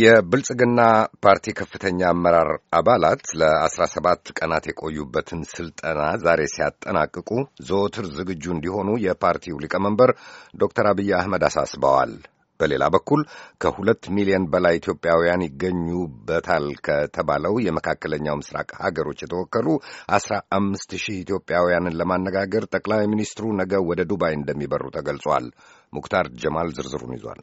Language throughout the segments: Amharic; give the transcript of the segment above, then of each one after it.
የብልጽግና ፓርቲ ከፍተኛ አመራር አባላት ለ ሰባት ቀናት የቆዩበትን ስልጠና ዛሬ ሲያጠናቅቁ ዘወትር ዝግጁ እንዲሆኑ የፓርቲው ሊቀመንበር ዶክተር አብይ አህመድ አሳስበዋል። በሌላ በኩል ከሁለት ሚሊዮን በላይ ኢትዮጵያውያን ይገኙበታል ከተባለው የመካከለኛው ምስራቅ ሀገሮች የተወከሉ አስራ አምስት ሺህ ኢትዮጵያውያንን ለማነጋገር ጠቅላይ ሚኒስትሩ ነገ ወደ ዱባይ እንደሚበሩ ተገልጿል። ሙክታር ጀማል ዝርዝሩን ይዟል።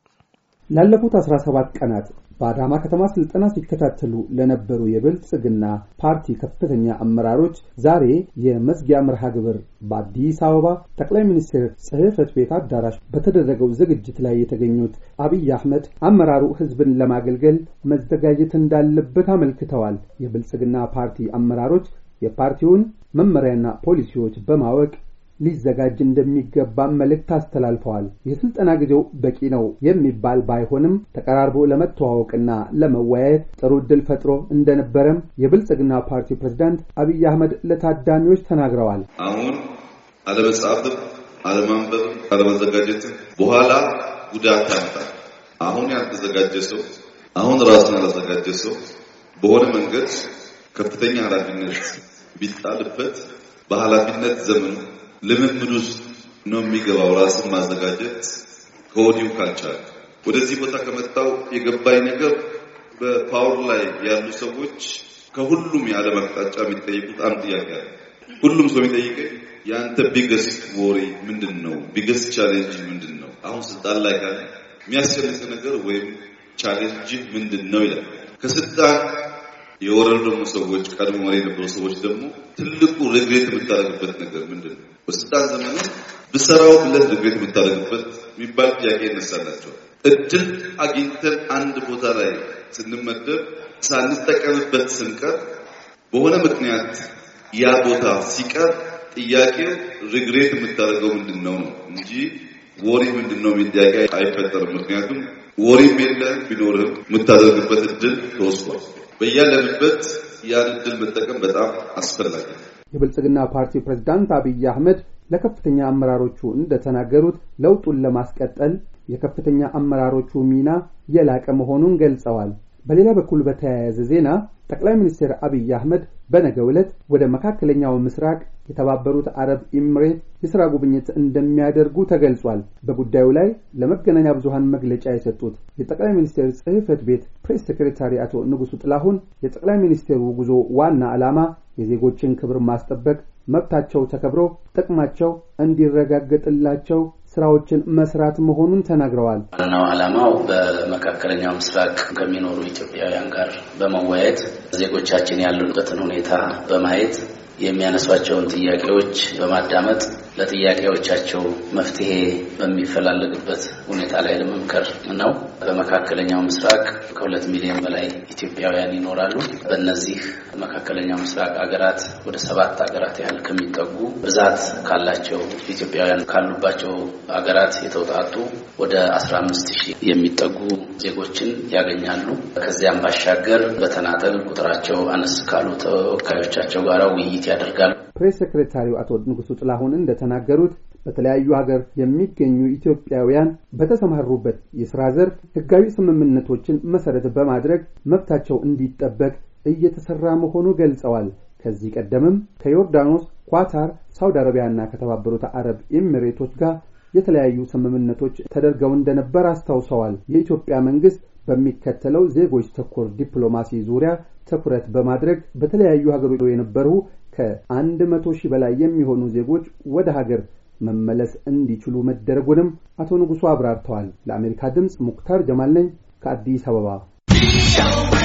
ላለፉት 17 ቀናት በአዳማ ከተማ ስልጠና ሲከታተሉ ለነበሩ የብልጽግና ፓርቲ ከፍተኛ አመራሮች ዛሬ የመዝጊያ መርሃ ግብር በአዲስ አበባ ጠቅላይ ሚኒስትር ጽሕፈት ቤት አዳራሽ በተደረገው ዝግጅት ላይ የተገኙት አብይ አህመድ አመራሩ ሕዝብን ለማገልገል መዘጋጀት እንዳለበት አመልክተዋል። የብልጽግና ፓርቲ አመራሮች የፓርቲውን መመሪያና ፖሊሲዎች በማወቅ ሊዘጋጅ እንደሚገባም መልእክት አስተላልፈዋል። የስልጠና ጊዜው በቂ ነው የሚባል ባይሆንም ተቀራርቦ ለመተዋወቅና ለመወያየት ጥሩ ዕድል ፈጥሮ እንደነበረም የብልጽግና ፓርቲ ፕሬዝዳንት አብይ አህመድ ለታዳሚዎች ተናግረዋል። አሁን አለመጻፍም፣ አለማንበብ፣ አለመዘጋጀት በኋላ ጉዳት ያመጣል። አሁን ያልተዘጋጀ ሰው አሁን ራሱን ያላዘጋጀ ሰው በሆነ መንገድ ከፍተኛ ኃላፊነት ቢጣልበት በኃላፊነት ዘመኑ ልምምድ ውስጥ ነው የሚገባው። ራስን ማዘጋጀት ከወዲሁ ካልቻለ ወደዚህ ቦታ ከመጣው የገባኝ ነገር በፓወር ላይ ያሉ ሰዎች ከሁሉም የዓለም አቅጣጫ የሚጠይቁት አንድ ጥያቄ አለ። ሁሉም ሰው የሚጠይቀኝ የአንተ ቢገስት ወሬ ምንድን ነው? ቢገስት ቻሌንጅ ምንድን ነው? አሁን ስልጣን ላይ ካለ የሚያስጨንቅ ነገር ወይም ቻሌንጅ ምንድን ነው ይላል። ከስልጣን የወረዱ ደግሞ ሰዎች ቀድሞ መሪ የነበሩ ሰዎች ደግሞ ትልቁ ሬግሬት የምታደርግበት ነገር ምንድን ነው? በስልጣን ዘመን ብሰራው ብለህ ሬግሬት የምታደርግበት የሚባል ጥያቄ ይነሳላቸዋል። እድል አግኝተን አንድ ቦታ ላይ ስንመደብ ሳንጠቀምበት ስንቀር በሆነ ምክንያት ያ ቦታ ሲቀር ጥያቄው ሪግሬት የምታደርገው ምንድን ነው ነው እንጂ ወሬ ምንድነው የሚል ጥያቄ አይፈጠርም። ምክንያቱም ወሬም የለ ቢኖርህም የምታደርግበት እድል ተወስዷል። በያለንበት ያን እድል መጠቀም በጣም አስፈላጊ ነው። የብልጽግና ፓርቲ ፕሬዝዳንት አብይ አህመድ ለከፍተኛ አመራሮቹ እንደተናገሩት ለውጡን ለማስቀጠል የከፍተኛ አመራሮቹ ሚና የላቀ መሆኑን ገልጸዋል። በሌላ በኩል በተያያዘ ዜና ጠቅላይ ሚኒስትር አብይ አህመድ በነገ ዕለት ወደ መካከለኛው ምስራቅ የተባበሩት አረብ ኢምሬት የሥራ ጉብኝት እንደሚያደርጉ ተገልጿል። በጉዳዩ ላይ ለመገናኛ ብዙሃን መግለጫ የሰጡት የጠቅላይ ሚኒስቴር ጽሕፈት ቤት ፕሬስ ሴክሬታሪ አቶ ንጉሱ ጥላሁን የጠቅላይ ሚኒስቴሩ ጉዞ ዋና ዓላማ የዜጎችን ክብር ማስጠበቅ፣ መብታቸው ተከብሮ ጥቅማቸው እንዲረጋገጥላቸው ስራዎችን መስራት መሆኑን ተናግረዋል። ዋናው ዓላማው በመካከለኛው ምስራቅ ከሚኖሩ ኢትዮጵያውያን ጋር በመወያየት ዜጎቻችን ያሉበትን ሁኔታ በማየት የሚያነሷቸውን ጥያቄዎች በማዳመጥ ለጥያቄዎቻቸው መፍትሄ በሚፈላለግበት ሁኔታ ላይ ለመምከር ነው። በመካከለኛው ምስራቅ ከሁለት ሚሊዮን በላይ ኢትዮጵያውያን ይኖራሉ። በእነዚህ መካከለኛው ምስራቅ አገራት ወደ ሰባት አገራት ያህል ከሚጠጉ ብዛት ካላቸው ኢትዮጵያውያን ካሉባቸው አገራት የተውጣጡ ወደ አስራ አምስት ሺህ የሚጠጉ ዜጎችን ያገኛሉ። ከዚያም ባሻገር በተናጠል ቁጥራቸው አነስ ካሉ ተወካዮቻቸው ጋር ውይይት ያደርጋሉ። ፕሬስ ሴክሬታሪው አቶ ንጉሱ ጥላሁን እንደተናገሩት በተለያዩ ሀገር የሚገኙ ኢትዮጵያውያን በተሰማሩበት የሥራ ዘርፍ ሕጋዊ ስምምነቶችን መሠረት በማድረግ መብታቸው እንዲጠበቅ እየተሠራ መሆኑ ገልጸዋል። ከዚህ ቀደምም ከዮርዳኖስ፣ ኳታር፣ ሳውዲ አረቢያና ከተባበሩት አረብ ኤሚሬቶች ጋር የተለያዩ ስምምነቶች ተደርገው እንደነበር አስታውሰዋል። የኢትዮጵያ መንግሥት በሚከተለው ዜጎች ተኮር ዲፕሎማሲ ዙሪያ ትኩረት በማድረግ በተለያዩ ሀገሮች የነበሩ ከአንድ መቶ ሺህ በላይ የሚሆኑ ዜጎች ወደ ሀገር መመለስ እንዲችሉ መደረጉንም አቶ ንጉሱ አብራርተዋል። ለአሜሪካ ድምፅ ሙክታር ጀማል ነኝ ከአዲስ አበባ።